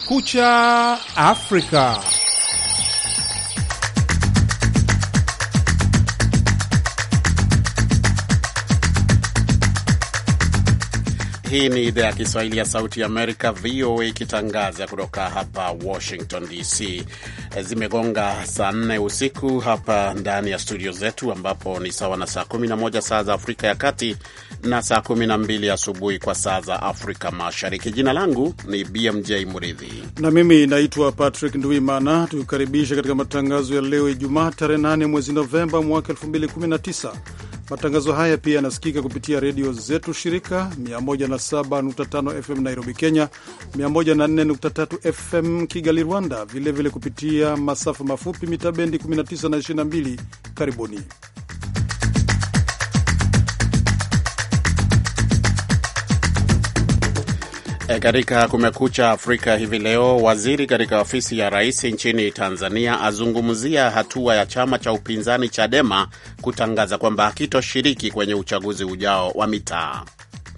Kucha Afrika. Hii ni idhaa ya Kiswahili ya Sauti ya Amerika, VOA, ikitangaza kutoka hapa Washington DC. Zimegonga saa nne usiku hapa ndani ya studio zetu, ambapo ni sawa na saa 11 saa za Afrika ya Kati na saa mbili asubuhi kwa saa za Afrika Mashariki. Jina langu ni BMJ Muridhi na mimi naitwa Patrick Nduimana. tukikaribisha katika matangazo ya leo Ijumaa, tarehe 8 mwezi Novemba mwaka 2019. Matangazo haya pia yanasikika kupitia redio zetu shirika 107.5 FM Nairobi, Kenya, 104.3 FM Kigali, Rwanda, vilevile vile kupitia masafa mafupi mita bendi 19 na 22. Karibuni. E, katika Kumekucha Afrika hivi leo, waziri katika ofisi ya rais nchini Tanzania azungumzia hatua ya chama cha upinzani Chadema kutangaza kwamba hakitoshiriki kwenye uchaguzi ujao wa mitaa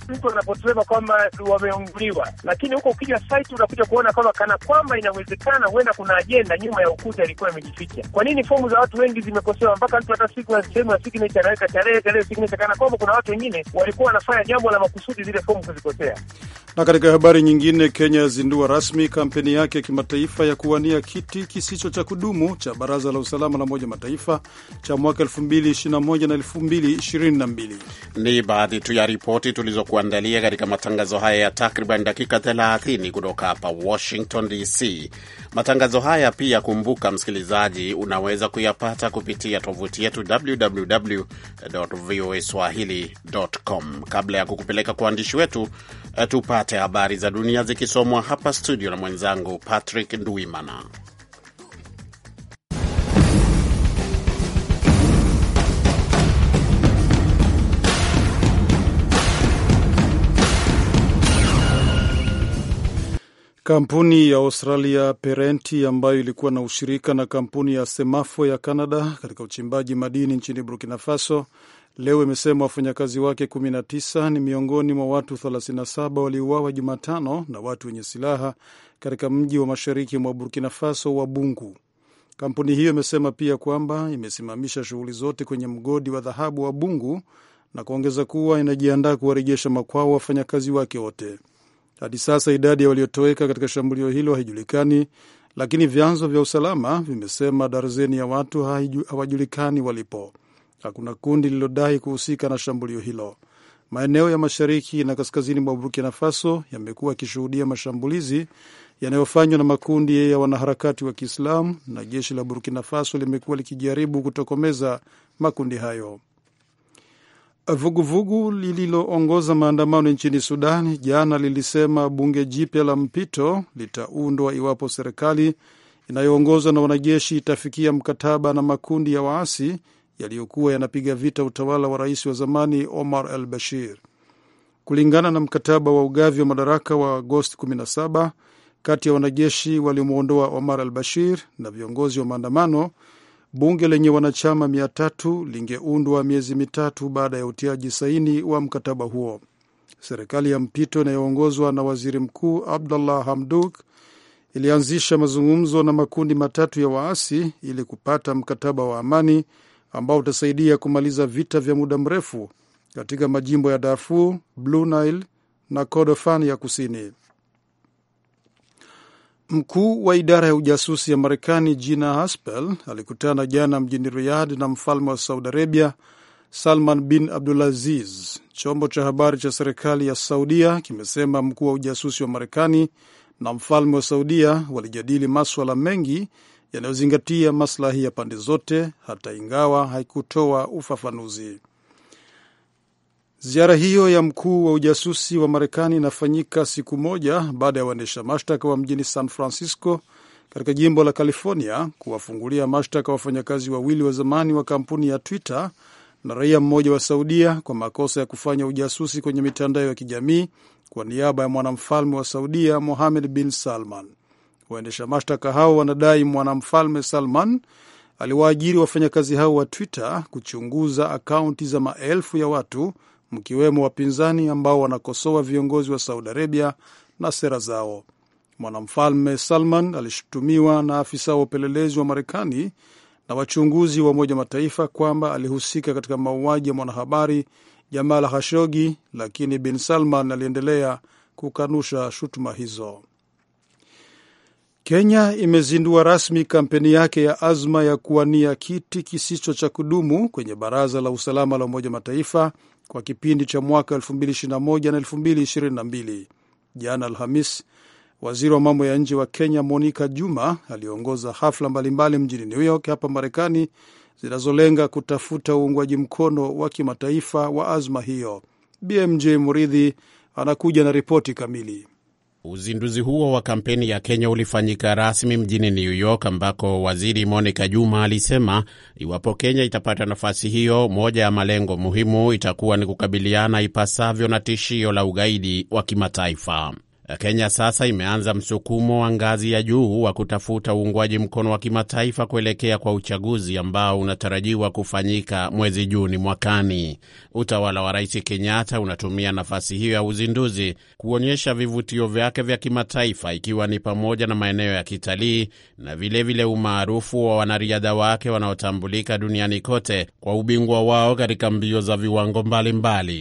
mtu anaposema kwamba wameunguliwa, lakini huko ukija site unakuja kuona kwamba kana kwamba inawezekana huenda kuna ajenda nyuma ya ukuta ilikuwa imejificha. Kwa nini fomu za watu wengi zimekosewa mpaka mtu hata siku sehemu ya signature anaweka tarehe tarehe signature, kana kwamba kuna watu wengine walikuwa wanafanya jambo la makusudi zile fomu kuzikosea. Na katika habari nyingine, Kenya yazindua rasmi kampeni yake ya kimataifa ya kuwania kiti kisicho cha kudumu cha Baraza la Usalama la Umoja Mataifa cha mwaka 2021 na 2022. Ni baadhi tu ya ripoti tulizo tumekuandalia katika matangazo haya ya takriban dakika 30 kutoka hapa Washington DC. Matangazo haya pia, kumbuka msikilizaji, unaweza kuyapata kupitia tovuti yetu www voa swahili.com. Kabla ya kukupeleka kwa waandishi wetu, eh, tupate habari za dunia zikisomwa hapa studio na mwenzangu Patrick Ndwimana. Kampuni ya Australia Perenti ambayo ilikuwa na ushirika na kampuni ya Semafo ya Canada katika uchimbaji madini nchini Burkina Faso leo imesema wafanyakazi wake 19 ni miongoni mwa watu 37 waliouawa Jumatano na watu wenye silaha katika mji wa mashariki mwa Burkina Faso wa Bungu. Kampuni hiyo imesema pia kwamba imesimamisha shughuli zote kwenye mgodi wa dhahabu wa Bungu na kuongeza kuwa inajiandaa kuwarejesha makwao wafanyakazi wake wote. Hadi sasa idadi ya waliotoweka katika shambulio hilo haijulikani, lakini vyanzo vya usalama vimesema darzeni ya watu hawajulikani walipo. Hakuna kundi lililodai kuhusika na shambulio hilo. Maeneo ya mashariki na kaskazini mwa Burkina Faso yamekuwa yakishuhudia mashambulizi yanayofanywa na makundi ya wanaharakati wa Kiislamu na jeshi la Burkina Faso limekuwa likijaribu kutokomeza makundi hayo. Vuguvugu lililoongoza maandamano nchini Sudan jana lilisema bunge jipya la mpito litaundwa iwapo serikali inayoongozwa na wanajeshi itafikia mkataba na makundi ya waasi yaliyokuwa yanapiga vita utawala wa rais wa zamani Omar al Bashir. Kulingana na mkataba wa ugavi wa madaraka wa Agosti 17 kati ya wanajeshi waliomwondoa Omar al Bashir na viongozi wa maandamano, Bunge lenye wanachama mia tatu lingeundwa miezi mitatu baada ya utiaji saini wa mkataba huo. Serikali ya mpito inayoongozwa na waziri mkuu abdullah Hamduk ilianzisha mazungumzo na makundi matatu ya waasi ili kupata mkataba wa amani ambao utasaidia kumaliza vita vya muda mrefu katika majimbo ya Darfur, Blue Nile na Kordofan ya kusini. Mkuu wa idara ya ujasusi ya Marekani Gina Haspel alikutana jana mjini Riyadh na mfalme wa Saudi Arabia Salman bin Abdulaziz. Chombo cha habari cha serikali ya Saudia kimesema mkuu wa ujasusi wa Marekani na mfalme wa Saudia walijadili maswala mengi yanayozingatia maslahi ya pande zote, hata ingawa haikutoa ufafanuzi. Ziara hiyo ya mkuu wa ujasusi wa Marekani inafanyika siku moja baada ya waendesha mashtaka wa mjini San Francisco katika jimbo la California kuwafungulia mashtaka wafanyakazi wawili wa zamani wa kampuni ya Twitter na raia mmoja wa Saudia kwa makosa ya kufanya ujasusi kwenye mitandao ya kijamii kwa niaba ya mwanamfalme wa Saudia Mohamed bin Salman. Waendesha mashtaka hao wanadai mwanamfalme Salman aliwaajiri wafanyakazi hao wa Twitter kuchunguza akaunti za maelfu ya watu mkiwemo wapinzani ambao wanakosoa viongozi wa Saudi Arabia na sera zao. Mwanamfalme Salman alishutumiwa na afisa wa upelelezi wa Marekani na wachunguzi wa Umoja Mataifa kwamba alihusika katika mauaji ya mwanahabari Jamal Khashoggi, lakini Bin Salman aliendelea kukanusha shutuma hizo. Kenya imezindua rasmi kampeni yake ya azma ya kuwania kiti kisicho cha kudumu kwenye Baraza la Usalama la Umoja Mataifa kwa kipindi cha mwaka 2021 na 2022. Jana Alhamis, waziri wa mambo ya nje wa Kenya Monica Juma aliongoza hafla mbalimbali mjini New York hapa Marekani zinazolenga kutafuta uungwaji mkono wa kimataifa wa azma hiyo. BMJ Muridhi anakuja na ripoti kamili. Uzinduzi huo wa kampeni ya Kenya ulifanyika rasmi mjini New York ambako waziri Monica Juma alisema iwapo Kenya itapata nafasi hiyo, moja ya malengo muhimu itakuwa ni kukabiliana ipasavyo na tishio la ugaidi wa kimataifa. Eh, Kenya sasa imeanza msukumo wa ngazi ya juu wa kutafuta uungwaji mkono wa kimataifa kuelekea kwa uchaguzi ambao unatarajiwa kufanyika mwezi Juni mwakani. Utawala wa Rais Kenyatta unatumia nafasi hiyo ya uzinduzi kuonyesha vivutio vyake vya kimataifa, ikiwa ni pamoja na maeneo ya kitalii na vilevile umaarufu wa wanariadha wake wanaotambulika duniani kote kwa ubingwa wao katika mbio za viwango mbalimbali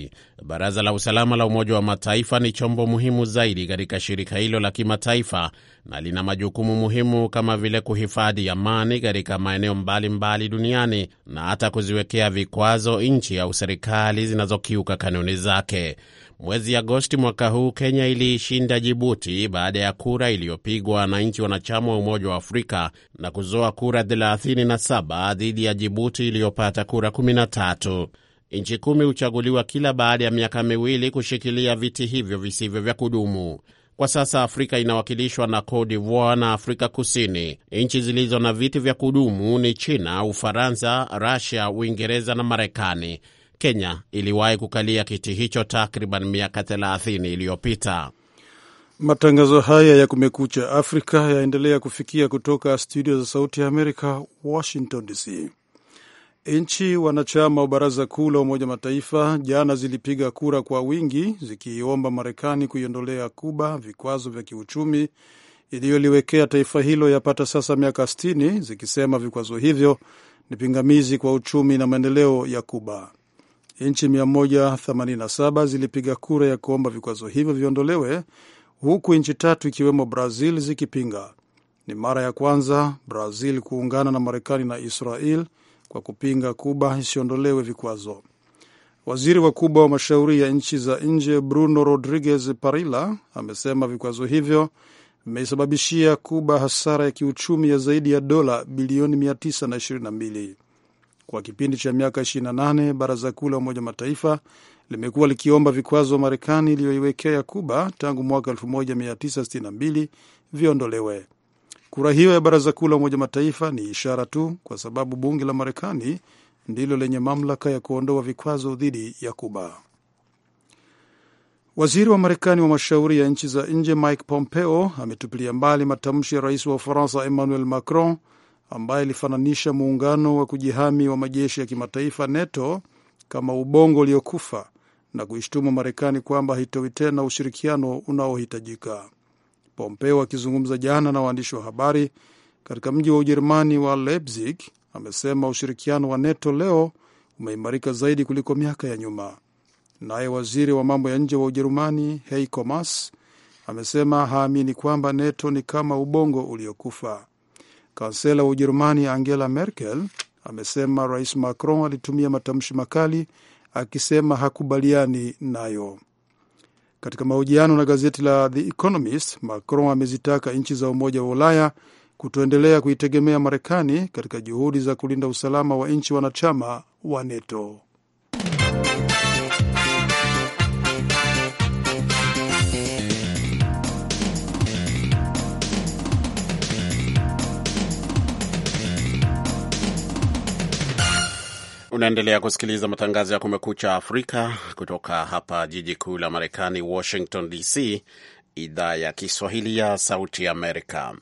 mbali. Baraza la Usalama la Umoja wa Mataifa ni chombo muhimu zaidi katika shirika hilo la kimataifa na lina majukumu muhimu kama vile kuhifadhi amani katika maeneo mbalimbali duniani na hata kuziwekea vikwazo nchi au serikali zinazokiuka kanuni zake. Mwezi Agosti mwaka huu Kenya iliishinda Jibuti baada ya kura iliyopigwa na nchi wanachama wa Umoja wa Afrika na kuzoa kura 37 dhidi ya Jibuti iliyopata kura 13. Nchi kumi huchaguliwa kila baada ya miaka miwili kushikilia viti hivyo visivyo vya kudumu. Kwa sasa Afrika inawakilishwa na Cote d'Ivoire na Afrika Kusini. Nchi zilizo na viti vya kudumu ni China, Ufaransa, Rusia, Uingereza na Marekani. Kenya iliwahi kukalia kiti hicho takriban miaka 30 iliyopita. Matangazo haya ya Kumekucha Afrika yaendelea kufikia kutoka studio za Sauti ya Amerika, Washington DC. Nchi wanachama wa baraza kuu la Umoja Mataifa jana zilipiga kura kwa wingi zikiiomba Marekani kuiondolea Kuba vikwazo vya kiuchumi iliyoliwekea taifa hilo yapata sasa miaka 60 zikisema vikwazo hivyo ni pingamizi kwa uchumi na maendeleo ya Kuba. Nchi 187 zilipiga kura ya kuomba vikwazo hivyo viondolewe, huku nchi tatu ikiwemo Brazil zikipinga. Ni mara ya kwanza Brazil kuungana na Marekani na Israel kwa kupinga Kuba isiondolewe vikwazo. Waziri wa Kuba wa mashauri ya nchi za nje Bruno Rodriguez Parilla amesema vikwazo hivyo vimeisababishia Kuba hasara ya kiuchumi ya zaidi ya dola bilioni 922 kwa kipindi cha miaka 28. Baraza Kuu la Umoja Mataifa limekuwa likiomba vikwazo Marekani iliyoiwekea Kuba tangu mwaka 1962 viondolewe. Kura hiyo ya baraza kuu la Umoja Mataifa ni ishara tu, kwa sababu bunge la Marekani ndilo lenye mamlaka ya kuondoa vikwazo dhidi ya Kuba. Waziri wa Marekani wa mashauri ya nchi za nje Mike Pompeo ametupilia mbali matamshi ya rais wa Ufaransa Emmanuel Macron ambaye alifananisha muungano wa kujihami wa majeshi ya kimataifa NATO kama ubongo uliokufa na kuishtumu Marekani kwamba haitoi tena ushirikiano unaohitajika. Pompeo akizungumza jana na waandishi wa habari katika mji wa Ujerumani wa Leipzig amesema ushirikiano wa NATO leo umeimarika zaidi kuliko miaka ya nyuma. Naye waziri wa mambo ya nje wa Ujerumani Heiko Maas amesema haamini kwamba NATO ni kama ubongo uliokufa. Kansela wa Ujerumani Angela Merkel amesema Rais Macron alitumia matamshi makali akisema hakubaliani nayo. Katika mahojiano na gazeti la The Economist, Macron amezitaka nchi za Umoja wa Ulaya kutoendelea kuitegemea Marekani katika juhudi za kulinda usalama wa nchi wanachama wa NATO. Unaendelea kusikiliza matangazo ya Kumekucha Afrika kutoka hapa jiji kuu la Marekani, Washington DC, idhaa ya Kiswahili ya Sauti Amerika.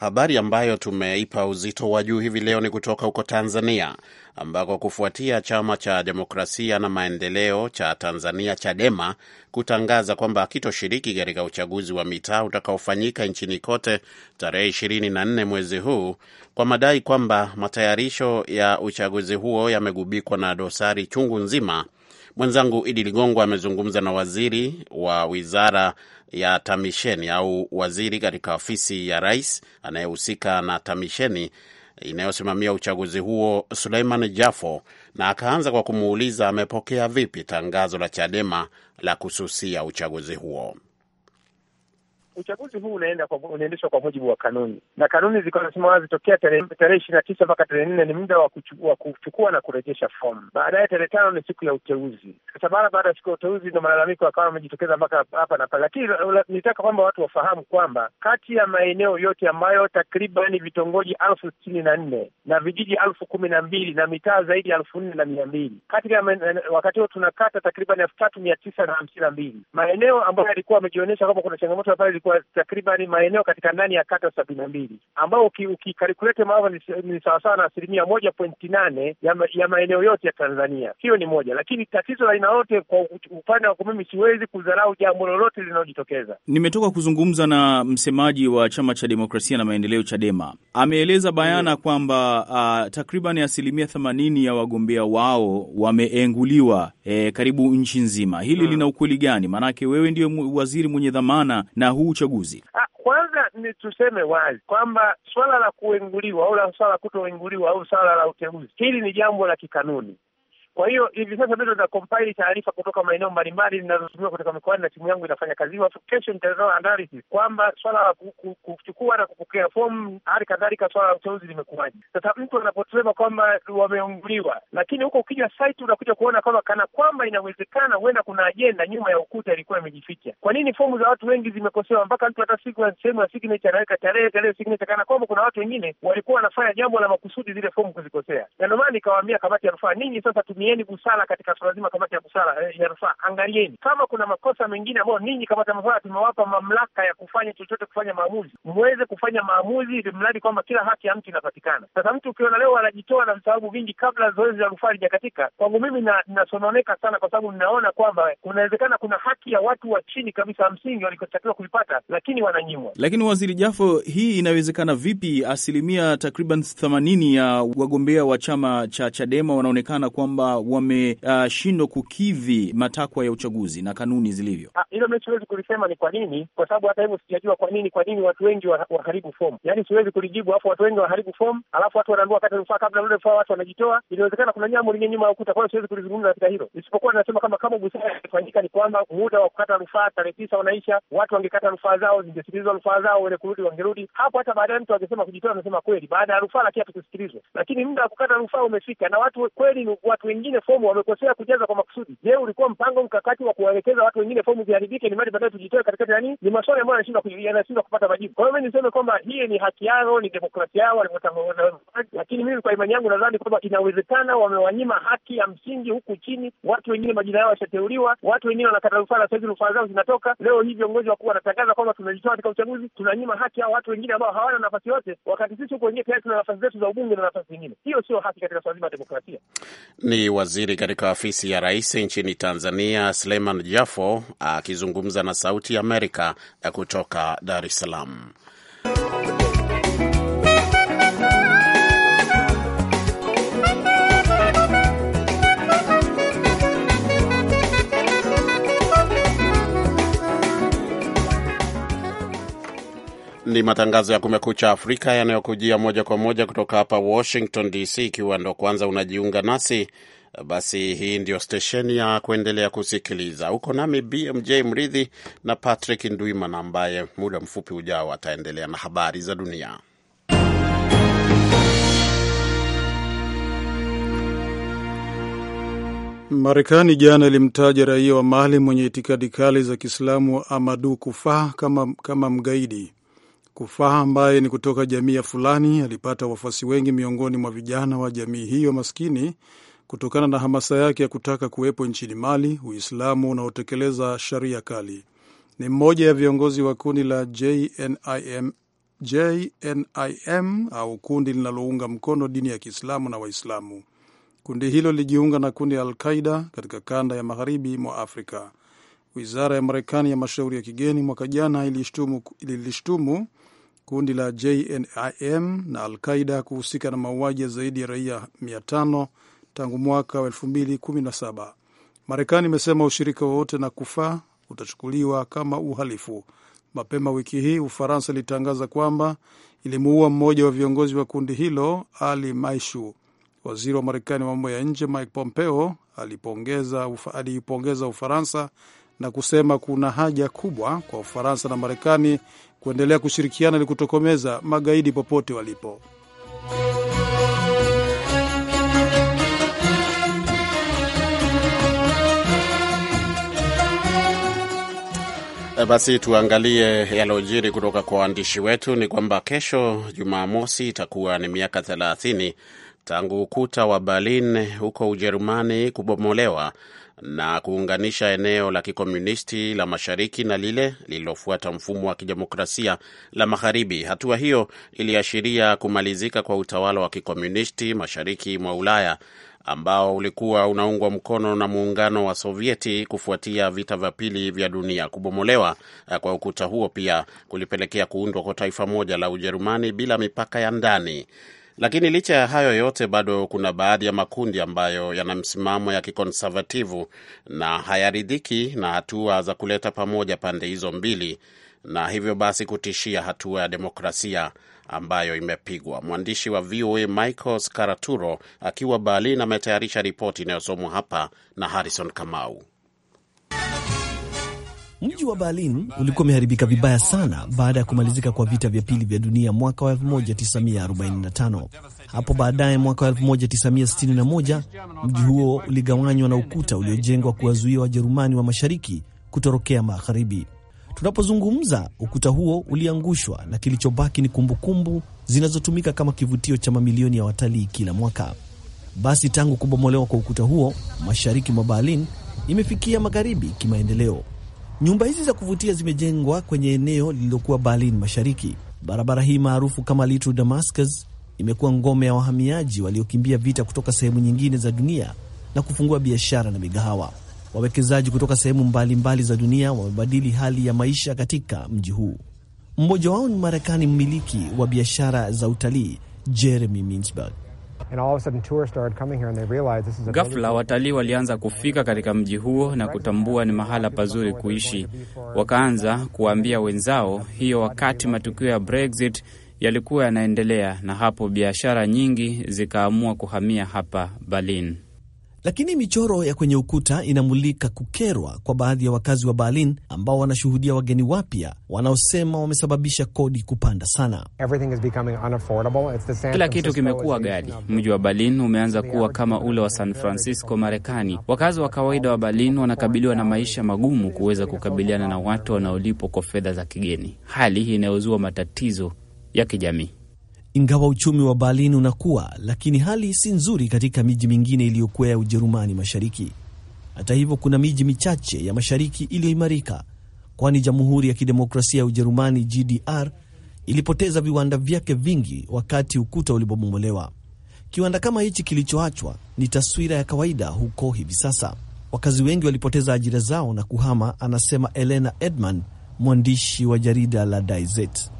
Habari ambayo tumeipa uzito wa juu hivi leo ni kutoka huko Tanzania, ambako kufuatia chama cha demokrasia na maendeleo cha Tanzania Chadema kutangaza kwamba akitoshiriki katika uchaguzi wa mitaa utakaofanyika nchini kote tarehe 24 mwezi huu kwa madai kwamba matayarisho ya uchaguzi huo yamegubikwa na dosari chungu nzima. Mwenzangu Idi Ligongo amezungumza na waziri wa wizara ya tamisheni au waziri katika ofisi ya rais anayehusika na tamisheni inayosimamia uchaguzi huo Suleiman Jafo, na akaanza kwa kumuuliza amepokea vipi tangazo la Chadema la kususia uchaguzi huo uchaguzi huu unaenda kwa, unaendeshwa kwa mujibu wa kanuni na kanuni ziko nasema wazi tokea tarehe ishirini na tisa mpaka tarehe nne ni muda wa kuchukua na kurejesha fomu. Baadaye tarehe tano ni siku ya uteuzi. Sasa mara baada ya siku ya uteuzi ndo malalamiko akawa amejitokeza mpaka hapa na pale, lakini nitaka kwamba watu wafahamu kwamba kati ya maeneo yote ambayo takriban vitongoji elfu sitini na nne na vijiji elfu kumi na mbili na mitaa zaidi ya elfu nne na mia mbili katika wakati huo tunakata takriban elfu tatu mia tisa na hamsini na mbili maeneo ambayo yalikuwa yamejionyesha kwamba kuna changamoto ya pale kwa takriban maeneo katika ndani ya kata sabini na mbili ambao ukikalkulate uki ni sawasawa na asilimia moja pointi nane ya, ma, ya maeneo yote ya Tanzania. Hiyo ni moja, lakini tatizo la aina yote kwa upande wangu mimi siwezi kudharau jambo lolote linalojitokeza. Nimetoka kuzungumza na msemaji wa chama cha demokrasia na maendeleo Chadema, ameeleza bayana hmm, kwamba uh, takriban asilimia themanini ya wagombea wao wameenguliwa eh, karibu nchi nzima. Hili hmm, lina ukweli gani? Maanake wewe ndio waziri mwenye dhamana na huu uchaguzi? Ah, kwanza ni tuseme wazi kwamba swala la kuenguliwa au la swala la kutoenguliwa au swala la uteuzi, hili ni jambo la kikanuni. Kwa hiyo hivi sasa bado na compile taarifa kutoka maeneo mbalimbali zinazotumiwa kutoka mikoani na timu yangu inafanya kazi hiyo. kesho nitatoa analysis kwamba swala la kuchukua na kupokea fomu, hali kadhalika swala la uteuzi limekuwaje. Sasa mtu anaposema kwamba wameunguliwa, lakini huko ukija site unakuja kuona kwamba kana kwamba inawezekana huenda kuna ajenda nyuma ya ukuta ilikuwa imejificha. Kwa nini fomu za watu wengi zimekosewa mpaka mtu hata siku sehemu ya signature anaweka tarehe tarehe signature, kana kwamba kuna watu wengine walikuwa wanafanya jambo la makusudi zile fomu kuzikosea, na ndio maana nikawaambia kamati ya rufaa, ninyi sasa tumi tumieni busara katika suala zima. Kamati ya busara eh, ya rufaa, angalieni kama kuna makosa mengine ambayo ninyi kamati ya busara tumewapa mamlaka ya kufanya chochote, kufanya maamuzi, mweze kufanya maamuzi ili mradi kwamba kila haki ya mtu inapatikana. Sasa mtu ukiona leo anajitoa na visababu vingi kabla zoezi la rufaa lijakatika, kwangu mimi nasononeka na sana, kwa sababu ninaona kwamba kunawezekana kuna haki ya watu wa chini kabisa msingi walikotakiwa kuipata, lakini wananyimwa. Lakini Waziri Jafo, hii inawezekana vipi? Asilimia takriban themanini ya wagombea wa chama cha Chadema wanaonekana kwamba wameshindwa uh, kukidhi matakwa ya uchaguzi na kanuni zilivyo. Ah, hilo mi siwezi kulisema ni kwa nini, kwa sababu hata hivyo sijajua kwa nini, kwa nini watu wengi waharibu fomu, yaani siwezi kulijibu. Alafu watu wengi waharibu fomu, alafu watu wanaambiwa kata rufaa, kabla ya rufaa watu wanajitoa. Inawezekana kuna jambo lingine nyuma ya ukuta, kwa hiyo siwezi kulizungumza katika hilo, isipokuwa ninasema kama kama busara ilifanyika ni kwamba muda wa kukata rufaa tarehe tisa unaisha, watu wangekata rufaa zao, zingesikilizwa rufaa zao, wene kurudi wangerudi hapo. Hata baadaye mtu angesema kujitoa, anasema kweli, baada ya rufaa lakini hatukusikilizwa, lakini muda wa kukata rufaa umefika na watu kweli, watu wengi wengine fomu wamekosea kujaza kwa makusudi. Je, ulikuwa mpango mkakati wa kuwaelekeza watu wengine fomu ziharibike ni mali baadaye tujitoe katikati Yani Ni maswali ambayo yanashindwa kupata majibu. Kwa hiyo mi niseme kwamba hii ni haki yao, ni demokrasia yao walivyotangaza, lakini mimi kwa imani yangu nadhani kwamba inawezekana wamewanyima haki ya msingi huku chini. Watu wengine majina yao yashateuliwa, watu wengine wanakata rufaa na sahizi rufaa zao zinatoka. Leo hii viongozi wakuu wanatangaza kwamba tumejitoa katika uchaguzi, tunanyima haki hao watu wengine ambao hawana nafasi yote, wakati sisi huku wengine tayari tuna nafasi zetu za ubunge na nafasi zingine. Hiyo sio haki katika swala zima la demokrasia. Ni waziri katika ofisi ya rais nchini Tanzania, sleman Jafo, akizungumza na Sauti ya Amerika kutoka Dar es Salaam. Ni matangazo ya Kumekucha Afrika yanayokujia moja kwa moja kutoka hapa Washington DC. Ikiwa ndo kwanza unajiunga nasi, basi hii ndio stesheni ya kuendelea kusikiliza huko, nami BMJ Mridhi na Patrick Ndwimana ambaye muda mfupi ujao ataendelea na habari za dunia. Marekani jana ilimtaja raia wa Mali mwenye itikadi kali za Kiislamu Amadu Kufaa kama, kama mgaidi. Kufaa ambaye ni kutoka jamii ya fulani alipata wafuasi wengi miongoni mwa vijana wa jamii hiyo maskini kutokana na hamasa yake ya kutaka kuwepo nchini Mali Uislamu unaotekeleza sharia kali. Ni mmoja ya viongozi wa kundi la JNIM, JNIM au kundi linalounga mkono dini ya Kiislamu na Waislamu. Kundi hilo lilijiunga na kundi la Alqaida katika kanda ya magharibi mwa Afrika. Wizara ya Marekani ya mashauri ya kigeni mwaka jana ililishtumu kundi la JNIM na Alqaida kuhusika na mauaji ya zaidi ya raia tangu mwaka wa saba. Marekani imesema ushirika wowote na kufaa utachukuliwa kama uhalifu. Mapema wiki hii Ufaransa ilitangaza kwamba ilimuua mmoja wa viongozi wa kundi hilo Ali Maishu. Waziri wa Marekani wa mambo ya nje Mike Pompeo alipongeza aliipongeza Ufaransa na kusema kuna haja kubwa kwa Ufaransa na Marekani kuendelea kushirikiana ili kutokomeza magaidi popote walipo. Eh, basi tuangalie yalojiri kutoka kwa waandishi wetu. Ni kwamba kesho Jumamosi itakuwa ni miaka thelathini tangu ukuta wa Berlin huko Ujerumani kubomolewa na kuunganisha eneo la kikomunisti la mashariki na lile lililofuata mfumo wa kidemokrasia la magharibi. Hatua hiyo iliashiria kumalizika kwa utawala wa kikomunisti mashariki mwa Ulaya ambao ulikuwa unaungwa mkono na muungano wa Sovieti kufuatia vita vya pili vya dunia. Kubomolewa eh, kwa ukuta huo pia kulipelekea kuundwa kwa taifa moja la Ujerumani bila mipaka ya ndani. Lakini licha ya hayo yote, bado kuna baadhi ya makundi ambayo yana msimamo ya kikonsevativu na hayaridhiki na hatua za kuleta pamoja pande hizo mbili, na hivyo basi kutishia hatua ya demokrasia ambayo imepigwa. Mwandishi wa VOA Michael Scaraturo akiwa Berlin ametayarisha ripoti inayosomwa hapa na Harrison Kamau. Mji wa Berlin ulikuwa umeharibika vibaya sana baada ya kumalizika kwa vita vya pili vya dunia mwaka wa 1945. Hapo baadaye mwaka wa 1961 mji huo uligawanywa na ukuta uliojengwa kuwazuia Wajerumani wa mashariki kutorokea magharibi. Tunapozungumza, ukuta huo uliangushwa na kilichobaki ni kumbukumbu zinazotumika kama kivutio cha mamilioni ya watalii kila mwaka. Basi tangu kubomolewa kwa ukuta huo, mashariki mwa Berlin imefikia magharibi kimaendeleo. Nyumba hizi za kuvutia zimejengwa kwenye eneo lililokuwa Berlin Mashariki. Barabara hii maarufu kama Little Damascus imekuwa ngome ya wahamiaji waliokimbia vita kutoka sehemu nyingine za dunia na kufungua biashara na migahawa. Wawekezaji kutoka sehemu mbalimbali za dunia wamebadili hali ya maisha katika mji huu. Mmoja wao ni Marekani, mmiliki wa biashara za utalii Jeremy Minsberg. Ghafla watalii walianza kufika katika mji huo na kutambua ni mahala pazuri kuishi. Wakaanza kuwaambia wenzao hiyo, wakati matukio ya Brexit yalikuwa yanaendelea, na hapo biashara nyingi zikaamua kuhamia hapa Berlin. Lakini michoro ya kwenye ukuta inamulika kukerwa kwa baadhi ya wakazi wa Berlin ambao wanashuhudia wageni wapya wanaosema wamesababisha kodi kupanda sana. Kila kitu kimekuwa ghali. Mji wa Berlin umeanza kuwa kama ule wa San Francisco, Marekani. Wakazi wa kawaida wa Berlin wanakabiliwa na maisha magumu kuweza kukabiliana na watu wanaolipwa kwa fedha za kigeni, hali inayozua matatizo ya kijamii ingawa uchumi wa Berlin unakuwa, lakini hali si nzuri katika miji mingine iliyokuwa ya Ujerumani Mashariki. Hata hivyo, kuna miji michache ya mashariki iliyoimarika, kwani Jamhuri ya Kidemokrasia ya Ujerumani GDR ilipoteza viwanda vyake vingi wakati ukuta ulipobomolewa. Kiwanda kama hichi kilichoachwa ni taswira ya kawaida huko hivi sasa. Wakazi wengi walipoteza ajira zao na kuhama, anasema Elena Edman, mwandishi wa jarida la Die Zeit.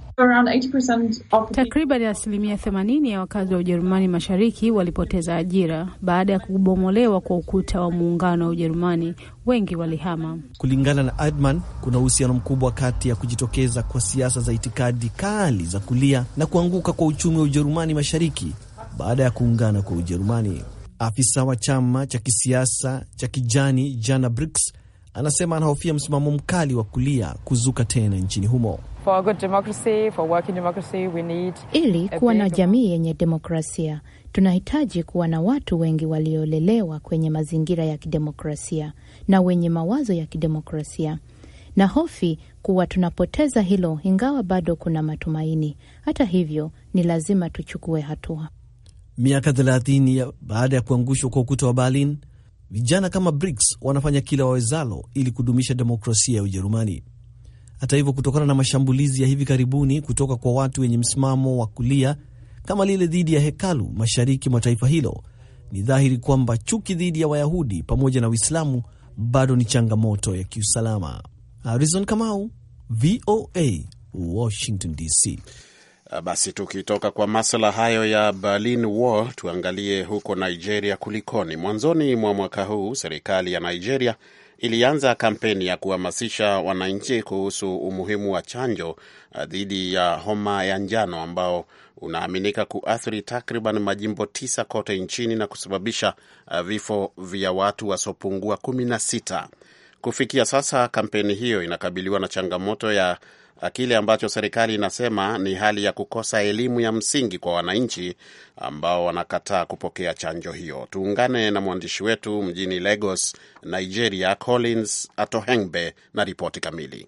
Takriban asilimia 80 ya wakazi wa Ujerumani Mashariki walipoteza ajira baada ya kubomolewa kwa ukuta wa muungano wa Ujerumani. Wengi walihama. Kulingana na Adman, kuna uhusiano mkubwa kati ya kujitokeza kwa siasa za itikadi kali za kulia na kuanguka kwa uchumi wa Ujerumani Mashariki baada ya kuungana kwa Ujerumani. Afisa wa chama cha kisiasa cha kijani Jana Brix anasema anahofia msimamo mkali wa kulia kuzuka tena nchini humo. For good democracy, for working democracy, we need ili kuwa na jamii yenye demokrasia tunahitaji kuwa na watu wengi waliolelewa kwenye mazingira ya kidemokrasia na wenye mawazo ya kidemokrasia na hofi kuwa tunapoteza hilo, ingawa bado kuna matumaini. Hata hivyo, ni lazima tuchukue hatua. Miaka 30 baada ya kuangushwa kwa ukuta wa Berlin, vijana kama BRICS wanafanya kila wawezalo ili kudumisha demokrasia ya Ujerumani. Hata hivyo, kutokana na mashambulizi ya hivi karibuni kutoka kwa watu wenye msimamo wa kulia kama lile dhidi ya hekalu mashariki mwa taifa hilo, ni dhahiri kwamba chuki dhidi ya Wayahudi pamoja na Uislamu bado ni changamoto ya kiusalama. Harrison Kamau, VOA, Washington DC. Ah, basi tukitoka kwa masala hayo ya Berlin Wall, tuangalie huko Nigeria kulikoni. Mwanzoni mwa mwaka huu serikali ya Nigeria ilianza kampeni ya kuhamasisha wananchi kuhusu umuhimu wa chanjo uh, dhidi ya homa ya njano ambao unaaminika kuathiri takriban majimbo tisa kote nchini na kusababisha uh, vifo vya watu wasiopungua kumi na sita. Kufikia sasa kampeni hiyo inakabiliwa na changamoto ya Ah, kile ambacho serikali inasema ni hali ya kukosa elimu ya msingi kwa wananchi ambao wanakataa kupokea chanjo hiyo. Tuungane na mwandishi wetu mjini Lagos, Nigeria, Collins Atohengbe na ripoti kamili.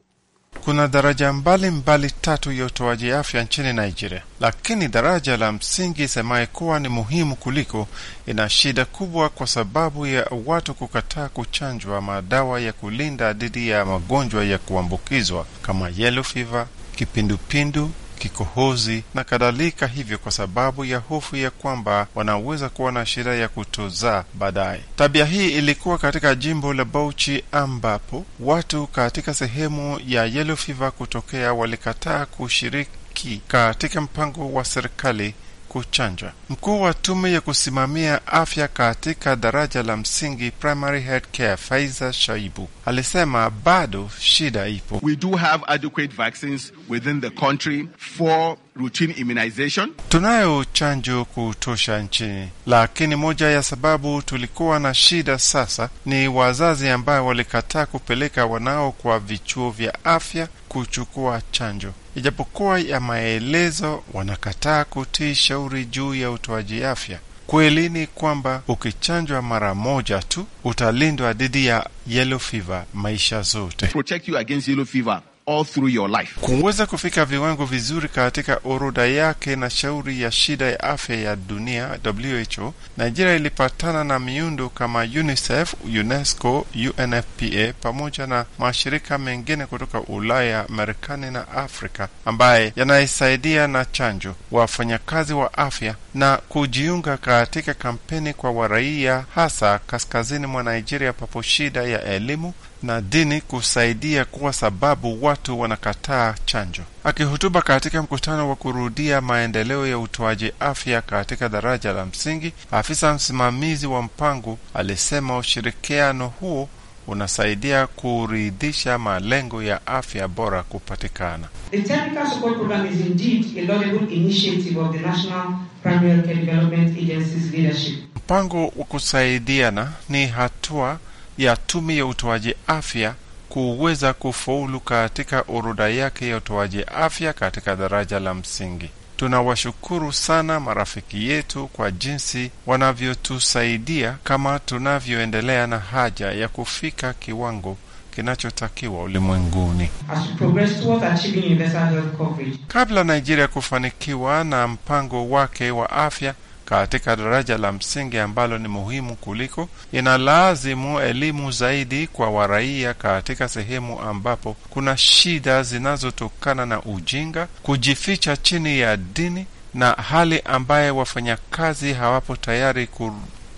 Kuna daraja mbalimbali mbali tatu ya utoaji afya nchini Nigeria, lakini daraja la msingi isemaye kuwa ni muhimu kuliko ina shida kubwa kwa sababu ya watu kukataa kuchanjwa madawa ya kulinda dhidi ya magonjwa ya kuambukizwa kama yellow fever, kipindupindu kikohozi na kadhalika hivyo, kwa sababu ya hofu ya kwamba wanaweza kuwa na shida ya kutozaa baadaye. Tabia hii ilikuwa katika jimbo la Bauchi ambapo watu katika sehemu ya yellow kutokea walikataa kushiriki katika mpango wa serikali kuchanjwa. Mkuu wa tume ya kusimamia afya katika daraja la msingi primary health care, Faiza Shaibu alisema bado shida ipo. We do have adequate vaccines within the country for routine immunization. Tunayo chanjo kutosha nchini, lakini moja ya sababu tulikuwa na shida sasa ni wazazi ambao walikataa kupeleka wanao kwa vichuo vya afya kuchukua chanjo. Ijapokuwa ya maelezo wanakataa kutii shauri juu ya utoaji afya. Kweli ni kwamba ukichanjwa mara moja tu utalindwa dhidi ya yellow fever maisha zote all through your life. Kuweza kufika viwango vizuri katika orodha yake na shauri ya shida ya afya ya dunia WHO, Nigeria ilipatana na miundo kama UNICEF, UNESCO, UNFPA pamoja na mashirika mengine kutoka Ulaya, Marekani na Afrika ambaye yanayesaidia na chanjo, wafanyakazi wa afya na kujiunga katika kampeni kwa waraia hasa kaskazini mwa Nigeria papo shida ya elimu na dini kusaidia kuwa sababu watu wanakataa chanjo. Akihutuba katika mkutano wa kurudia maendeleo ya utoaji afya katika daraja la msingi, afisa msimamizi wa mpango alisema ushirikiano huo unasaidia kuridhisha malengo ya afya bora kupatikana. The technical support program is indeed a laudable initiative of the National Primary Care Development Agency's leadership. Mpango wa kusaidiana ni hatua ya Tume ya Utoaji Afya kuweza kufaulu katika orodha yake ya utoaji afya katika daraja la msingi. Tunawashukuru sana marafiki yetu kwa jinsi wanavyotusaidia kama tunavyoendelea na haja ya kufika kiwango kinachotakiwa ulimwenguni. Kabla Nigeria kufanikiwa na mpango wake wa afya katika daraja la msingi ambalo ni muhimu kuliko, inalazimu elimu zaidi kwa waraia katika sehemu ambapo kuna shida zinazotokana na ujinga, kujificha chini ya dini na hali ambaye wafanyakazi hawapo tayari ku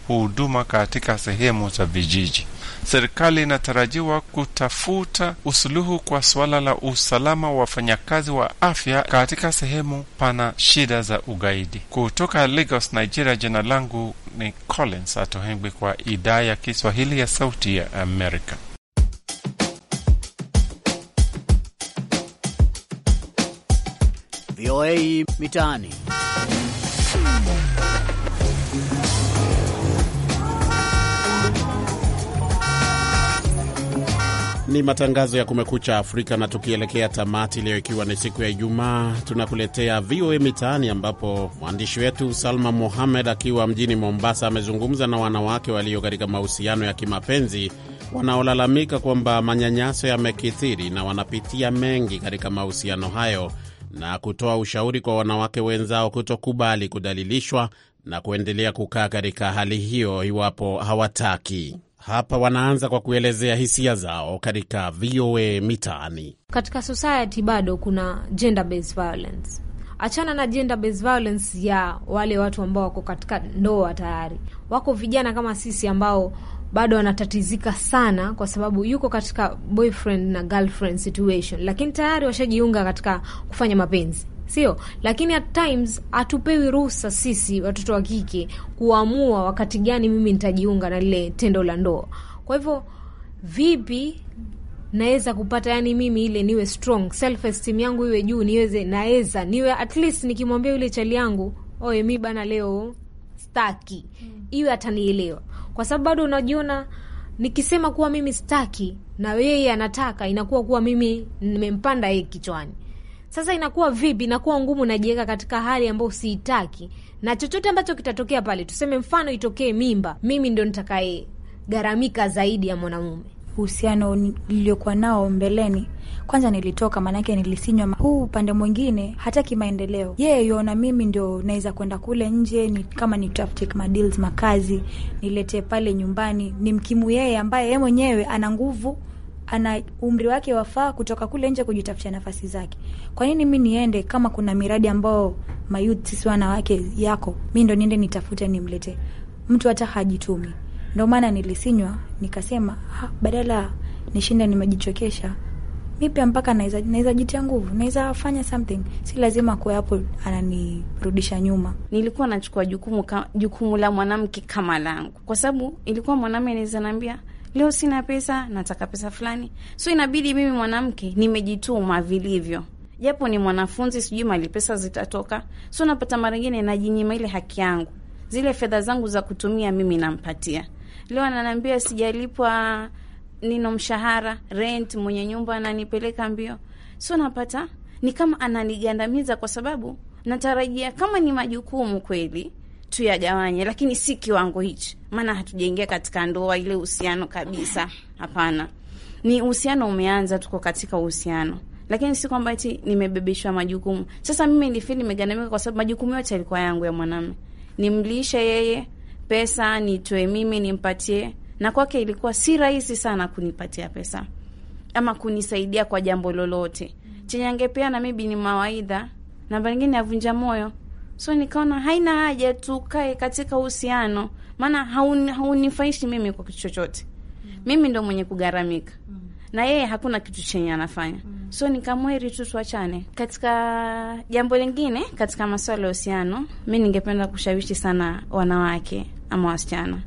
huduma katika sehemu za vijiji. Serikali inatarajiwa kutafuta usuluhu kwa suala la usalama wa wafanyakazi wa afya katika sehemu pana shida za ugaidi. Kutoka Lagos, Nigeria, jina langu ni Collins Atohengwi kwa idhaa ya Kiswahili ya Sauti ya Amerika. VOA Mitaani. Ni matangazo ya Kumekucha Afrika, na tukielekea tamati, leo ikiwa ni siku ya Ijumaa, tunakuletea VOA Mitaani, ambapo mwandishi wetu Salma Mohamed akiwa mjini Mombasa amezungumza na wanawake walio katika mahusiano ya kimapenzi wanaolalamika kwamba manyanyaso yamekithiri na wanapitia mengi katika mahusiano hayo na kutoa ushauri kwa wanawake wenzao kutokubali kudalilishwa na kuendelea kukaa katika hali hiyo iwapo hawataki. Hapa wanaanza kwa kuelezea hisia zao katika VOA Mitaani. Katika society bado kuna gender based violence. Achana na gender based violence ya wale watu ambao wako katika ndoa tayari, wako vijana kama sisi ambao bado wanatatizika sana, kwa sababu yuko katika boyfriend na girlfriend situation, lakini tayari washajiunga katika kufanya mapenzi sio? Lakini at times hatupewi ruhusa sisi watoto wa kike kuamua wakati gani mimi nitajiunga na lile tendo la ndoa. Kwa hivyo vipi naweza kupata yani, mimi ile niwe strong, self esteem yangu iwe juu, niweze naweza niwe at least nikimwambia yule chali yangu oye, mi bana, leo staki, mm. iwe atanielewa, kwa sababu bado unajiona nikisema kuwa mimi staki na yeye anataka, inakuwa kuwa mimi nimempanda yeye kichwani. Sasa inakuwa vipi? Inakuwa ngumu, najiweka katika hali ambayo siitaki, na chochote ambacho kitatokea pale, tuseme mfano itokee mimba, mimi ndo nitakaye garamika zaidi ya mwanamume. Uhusiano niliokuwa nao mbeleni, kwanza nilitoka, maanake nilisinywa. Huu upande mwingine hataki maendeleo, yeye yuona mimi ndio naweza kwenda kule nje, ni kama nitafute madeals, makazi niletee pale nyumbani, ni mkimu yeye ambaye yeye mwenyewe ana nguvu ana umri wake wafaa kutoka kule nje kujitafutia nafasi zake. Kwa nini mi niende kama kuna miradi ambayo mayuth sisi wanawake yako, mi ndo niende nitafute nimlete mtu hata hajitumi. Ndo maana nilisinywa nikasema, ha, ah, badala nishinde nimejichokesha mi pia mpaka naweza jitia nguvu, naweza fanya something, si lazima kuwa hapo ananirudisha nyuma. Nilikuwa nachukua jukumu, jukumu la mwanamke kama langu, kwa sababu ilikuwa mwanaume anaweza naambia leo sina pesa, nataka pesa fulani, so inabidi mimi mwanamke nimejituma vilivyo japo ni mwanafunzi, sijui mali pesa zitatoka. So napata mara ingine najinyima ile haki yangu, zile fedha zangu za kutumia mimi nampatia. Leo ananiambia sijalipwa nino mshahara, rent, mwenye nyumba ananipeleka mbio. So napata ni kama ananigandamiza, kwa sababu natarajia kama ni majukumu kweli tuyagawanye, lakini si kiwango hichi, maana hatujaingia katika ndoa ile uhusiano kabisa. Hapana, ni uhusiano umeanza, tuko katika uhusiano lakini si kwamba eti nimebebeshwa majukumu. Sasa mimi nilifeel nimegandamika, kwa sababu majukumu yote yalikuwa yangu ya mwanamume, nimlishe yeye, pesa nitoe mimi nimpatie, na kwake ilikuwa si rahisi sana kunipatia pesa ama kunisaidia kwa jambo lolote chenye na maybe ni mawaidha, namba nyingine avunja moyo so nikaona haina haja tukae katika uhusiano, maana haunifaishi hauni mimi kwa kitu chochote mm. mimi ndo mwenye kugharamika mm. na yeye hakuna kitu chenye anafanya mm. so nikamweri tu tuachane. Katika jambo lingine, katika maswala ya uhusiano, mi ningependa kushawishi sana wanawake ama wasichana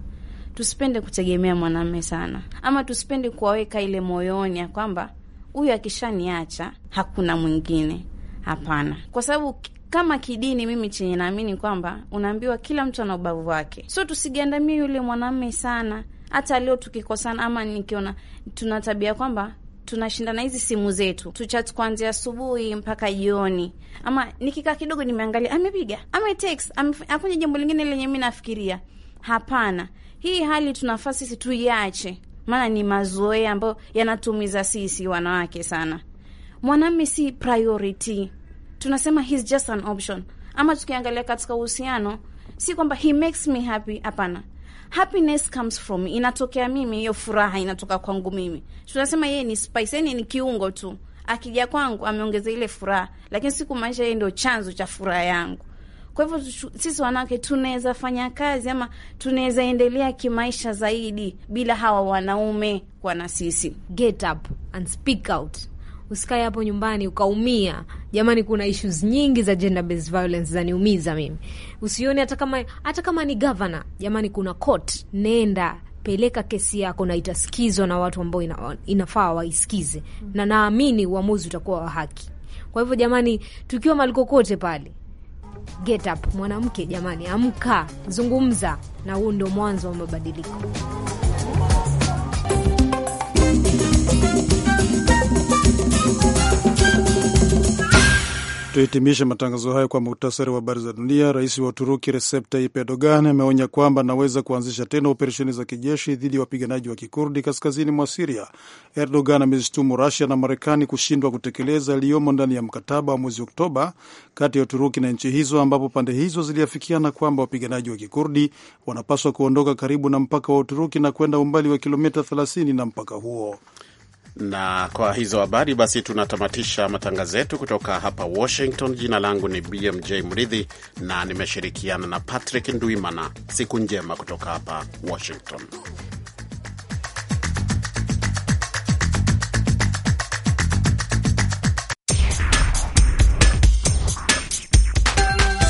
tusipende kutegemea mwanamme sana, ama tusipende kuwaweka ile moyoni ya kwamba huyu akishaniacha hakuna mwingine. Hapana, kwa sababu kama kidini, mimi chenye naamini kwamba unaambiwa kila mtu ana ubavu wake, so tusigandamie yule mwanamme sana. Hata leo tukikosana ama nikiona tuna tabia kwamba tunashindana hizi simu zetu tuchat kuanzia asubuhi mpaka jioni, ama nikikaa kidogo nimeangalia amepiga ametext afanya jambo lingine lenye mi nafikiria. Hapana, hii hali tunafaa sisi tuiache, maana ni mazoea ambayo yanatumiza sisi wanawake sana. Mwanamme si priority tunasema he's just an option. Ama tukiangalia katika uhusiano, si kwamba he makes me happy, hapana. Happiness comes from Inatokea mimi, hiyo furaha inatoka kwangu mimi. Tunasema yeye ni spice, yani ni kiungo tu. Akija kwangu ameongeza ile furaha, lakini siku maisha yeye ndio chanzo cha furaha yangu. Kwa hivyo sisi wanawake tunaweza fanya kazi ama tunaweza endelea kimaisha zaidi bila hawa wanaume kuwa na sisi. Get up and speak out usikae hapo nyumbani ukaumia. Jamani, kuna issues nyingi za gender based violence zaniumiza mimi. Usione hata kama hata kama ni governor, jamani, kuna court, nenda peleka kesi yako na itasikizwa na watu ambao ina, inafaa waisikize, mm. na naamini uamuzi utakuwa wa haki. Kwa hivyo jamani, tukiwa malikokote pale Get up mwanamke, jamani, amka, zungumza, na huu ndio mwanzo wa mabadiliko. Tuhitimishe matangazo hayo kwa muhtasari wa habari za dunia. Rais wa Uturuki Recep Tayyip Erdogan ameonya kwamba anaweza kuanzisha tena operesheni za kijeshi dhidi ya wapiganaji wa kikurdi kaskazini mwa Siria. Erdogan amezishtumu Rusia na Marekani kushindwa kutekeleza yaliyomo ndani ya mkataba wa mwezi Oktoba kati ya Uturuki na nchi hizo, ambapo pande hizo ziliafikiana kwamba wapiganaji wa kikurdi wanapaswa kuondoka karibu na mpaka wa Uturuki na kwenda umbali wa kilomita 30 na mpaka huo na kwa hizo habari basi tunatamatisha matangazo yetu kutoka hapa Washington. Jina langu ni BMJ Mridhi na nimeshirikiana na Patrick Ndwimana. Siku njema kutoka hapa Washington.